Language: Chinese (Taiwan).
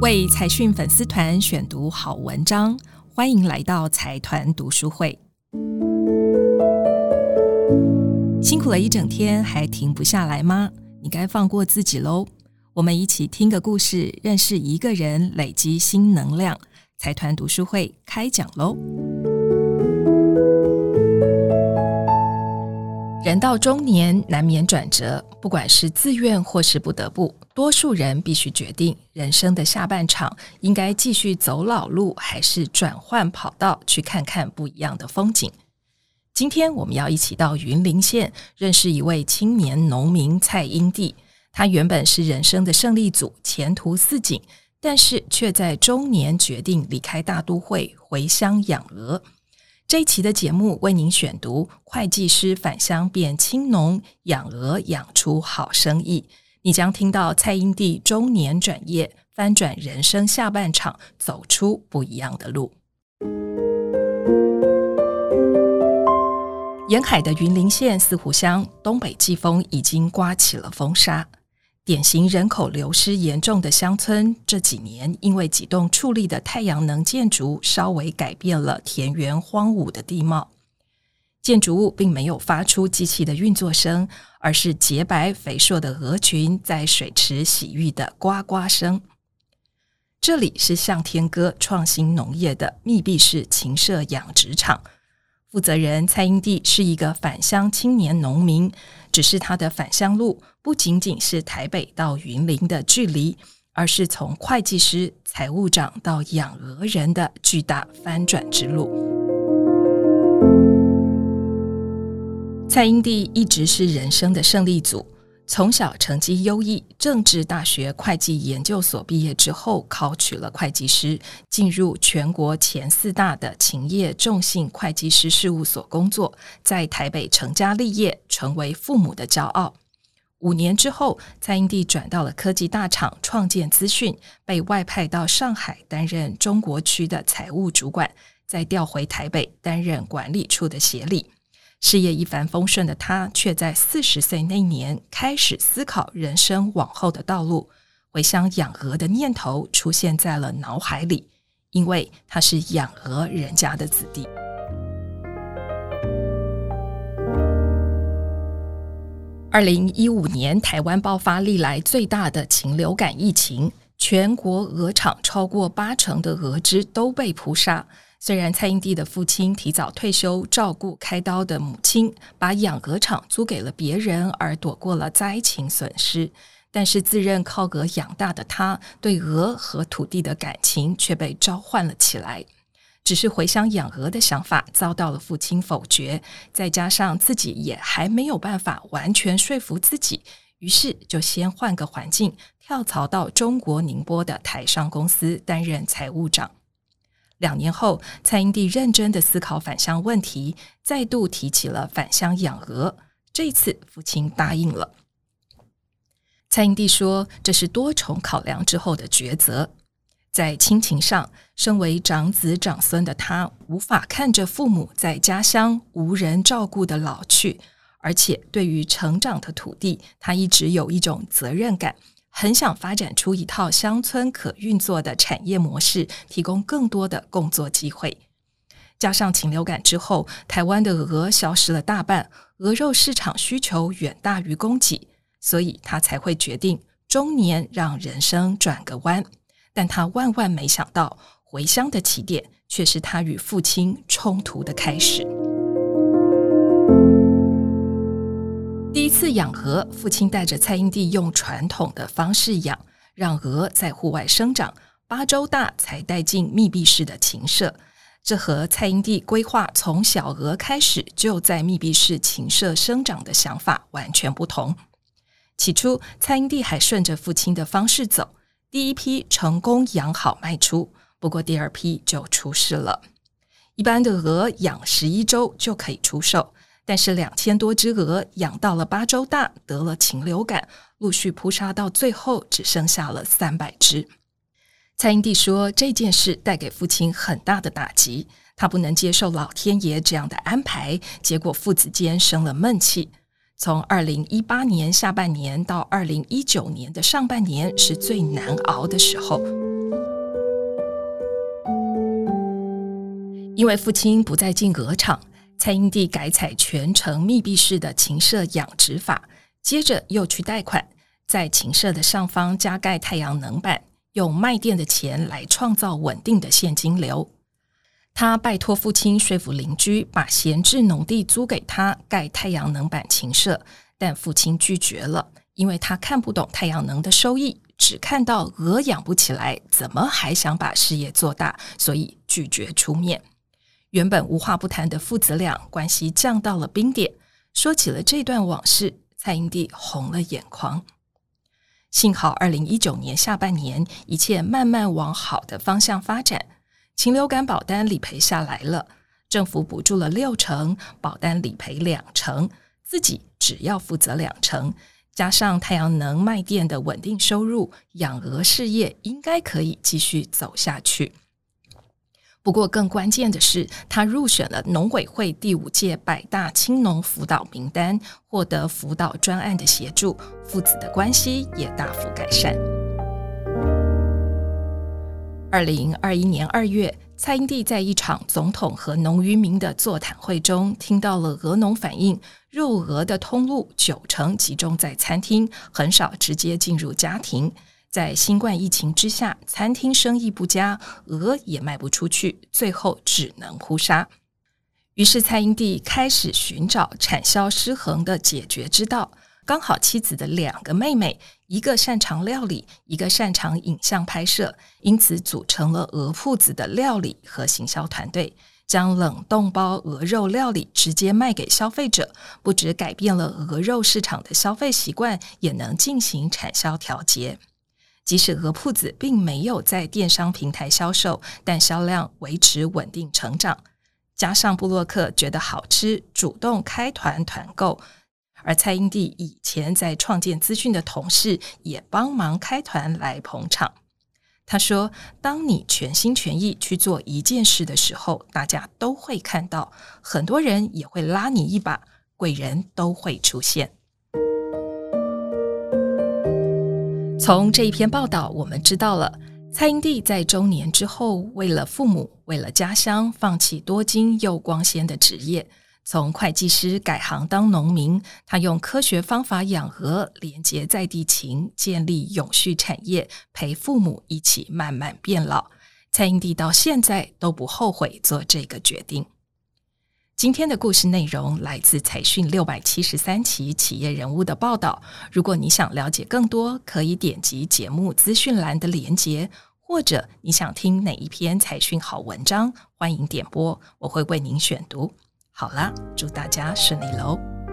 為財訊粉絲團選讀好文章，歡迎來到財團讀書會。辛苦了一整天，還停不下來嗎？你該放過自己嘍！我們一起聽個故事，認識一個人，累積新能量。財團讀書會開講嘍！人到中年，難免轉折。不管是自願或是不得不，多數人必須決定人生的下半場應該繼續走老路，還是轉換跑道，去看看不一樣的風景。今天，我們要一起到雲林縣認識一位青年農民蔡英地。他原本是人生的勝利組，前途似錦，但是卻在中年決定離開大都會，回鄉養鵝。這一期的節目為您選讀：會計師返鄉變青農，養鵝養出好生意。你將聽到蔡英地中年轉業，翻轉人生下半場，走出不一樣的路。沿海的雲林縣四湖鄉，東北季風已經颳起了風沙。典型人口流失嚴重的鄉村，這幾年因為幾棟矗立的太陽能建築，稍微改變了田園荒蕪的地貌。建築物並沒有發出機器的運作聲，而是潔白肥碩的鵝群在水池洗浴的呱呱聲。這裡是向天歌創新農業的密閉式禽舍養殖場。負責人蔡英地是一個返鄉青年農民，只是他的返鄉路不僅僅是台北到雲林的距離，而是從會計師、財務長到養鵝人的巨大翻轉之路。蔡英地一直是人生的勝利組。從小成績優異，政治大學會計研究所畢業之後，考取了會計師，進入全國前四大的勤業眾信會計師事務所工作，在台北成家立業，成為父母的驕傲。五年之後，蔡英地轉到了科技大廠，創建資訊，被外派到上海擔任中國區的財務主管，再調回台北擔任管理處的協理。事業一帆風順的他，卻在四十歲那年開始思考人生往後的道路。回鄉養鵝的念頭出現在了腦海裡，因為他是養鵝人家的子弟。二零一五年，台灣爆發歷來最大的禽流感疫情，全國鵝場超過八成的鵝隻都被撲殺。雖然蔡英地的父親提早退休照顧開刀的母親，把養鵝場租給了別人而躲過了災情損失，但是自認靠鵝養大的他對鵝和土地的感情卻被召喚了起來。只是回鄉養鵝的想法遭到了父親否決，再加上自己也還沒有辦法完全說服自己，於是就先換個環境，跳槽到中國寧波的台商公司擔任財務長。兩年後，蔡英地認真地思考返鄉問題，再度提起了返鄉養鵝。這次，父親答應了。蔡英地說：“這是多重考量之後的抉擇。在親情上，身為長子長孫的他，無法看着父母在家鄉無人照顧的老去，而且對於成長的土地，他一直有一種責任感。”很想發展出一套鄉村可運作的產業模式，提供更多的工作機會。加上禽流感之後，台灣的鵝消失了大半，鵝肉市場需求遠大於供給，所以他才會決定中年讓人生轉個彎。但他萬萬沒想到，回鄉的起點卻是他與父親衝突的開始。飼養鵝，父親帶着蔡英地用傳統的方式養，讓鵝在戶外生長，八周大才帶進密閉式的禽舍。這和蔡英地規劃從小鵝開始就在密閉式禽舍生長的想法完全不同。起初，蔡英地還順着父親的方式走，第一批成功養好賣出，不過第二批就出事了。一般的鵝養十一周就可以出售。但是兩千多隻鵝養到了八周大，得了禽流感，陸續撲殺到最後只剩下了三百隻。蔡英地說這件事帶給父親很大的打擊，他不能接受老天爺這樣的安排，結果父子間生了悶氣。從二零一八年下半年到二零一九年的上半年是最難熬的時候，因為父親不再進鵝場。蔡英地改採全程密閉式的禽舍養殖法，接着又去貸款，在禽舍的上方加蓋太陽能板，用賣電的錢來創造穩定的現金流。他拜托父親說服鄰居把閒置農地租給他蓋太陽能板禽舍，但父親拒絕了，因為他看不懂太陽能的收益，只看到鵝養不起來，怎麼還想把事業做大，所以拒絕出面。原本無話不談的父子倆關係降到了冰點，說起了這段往事，蔡英地紅了眼眶。幸好二零一九年下半年一切慢慢往好的方向發展，禽流感保單理賠下來了，政府補助了六成，保單理賠兩成，自己只要負責兩成，加上太陽能賣電的穩定收入，養鵝事業應該可以繼續走下去。不過，更關鍵的是，他入選了農委會第五屆百大青農輔導名單，獲得輔導專案的協助，父子的關係也大幅改善。二零二一年二月，蔡英地在一場總統和農漁民的座談會中，聽到了鵝農反映，肉鵝的通路九成集中在餐廳，很少直接進入家庭。在新冠疫情之下，餐廳生意不佳，鵝也賣不出去，最後只能撲殺。於是蔡英地開始尋找產銷失衡的解決之道。剛好妻子的兩個妹妹，一個擅長料理，一個擅長影像拍攝，因此組成了鵝鋪子的料理和行銷團隊，將冷凍包鵝肉料理直接賣給消費者，不只改變了鵝肉市場的消費習慣，也能進行產銷調節。即使鵝鋪子並沒有在電商平台銷售，但銷量維持穩定成長。加上部落客覺得好吃，主動開團團購，而蔡英地以前在創建資訊的同事也幫忙開團來捧場。他說：“當你全心全意去做一件事的時候，大家都會看到，很多人也會拉你一把，貴人都會出現。”從這一篇報道，我們知道了蔡英地在中年之後，為了父母，為了家鄉，放棄多金又光鮮的職業，從會計師改行當農民。他用科學方法養鵝，連接在地情，建立永續產業，陪父母一起慢慢變老。蔡英地到現在都不後悔做這個決定。今天的故事內容來自《財訊》六百七十三期企業人物的報道。如果你想了解更多，可以點擊節目資訊欄的鏈接，或者你想聽哪一篇《財訊》好文章，歡迎點播，我會為您選讀。好啦，祝大家順利嘍！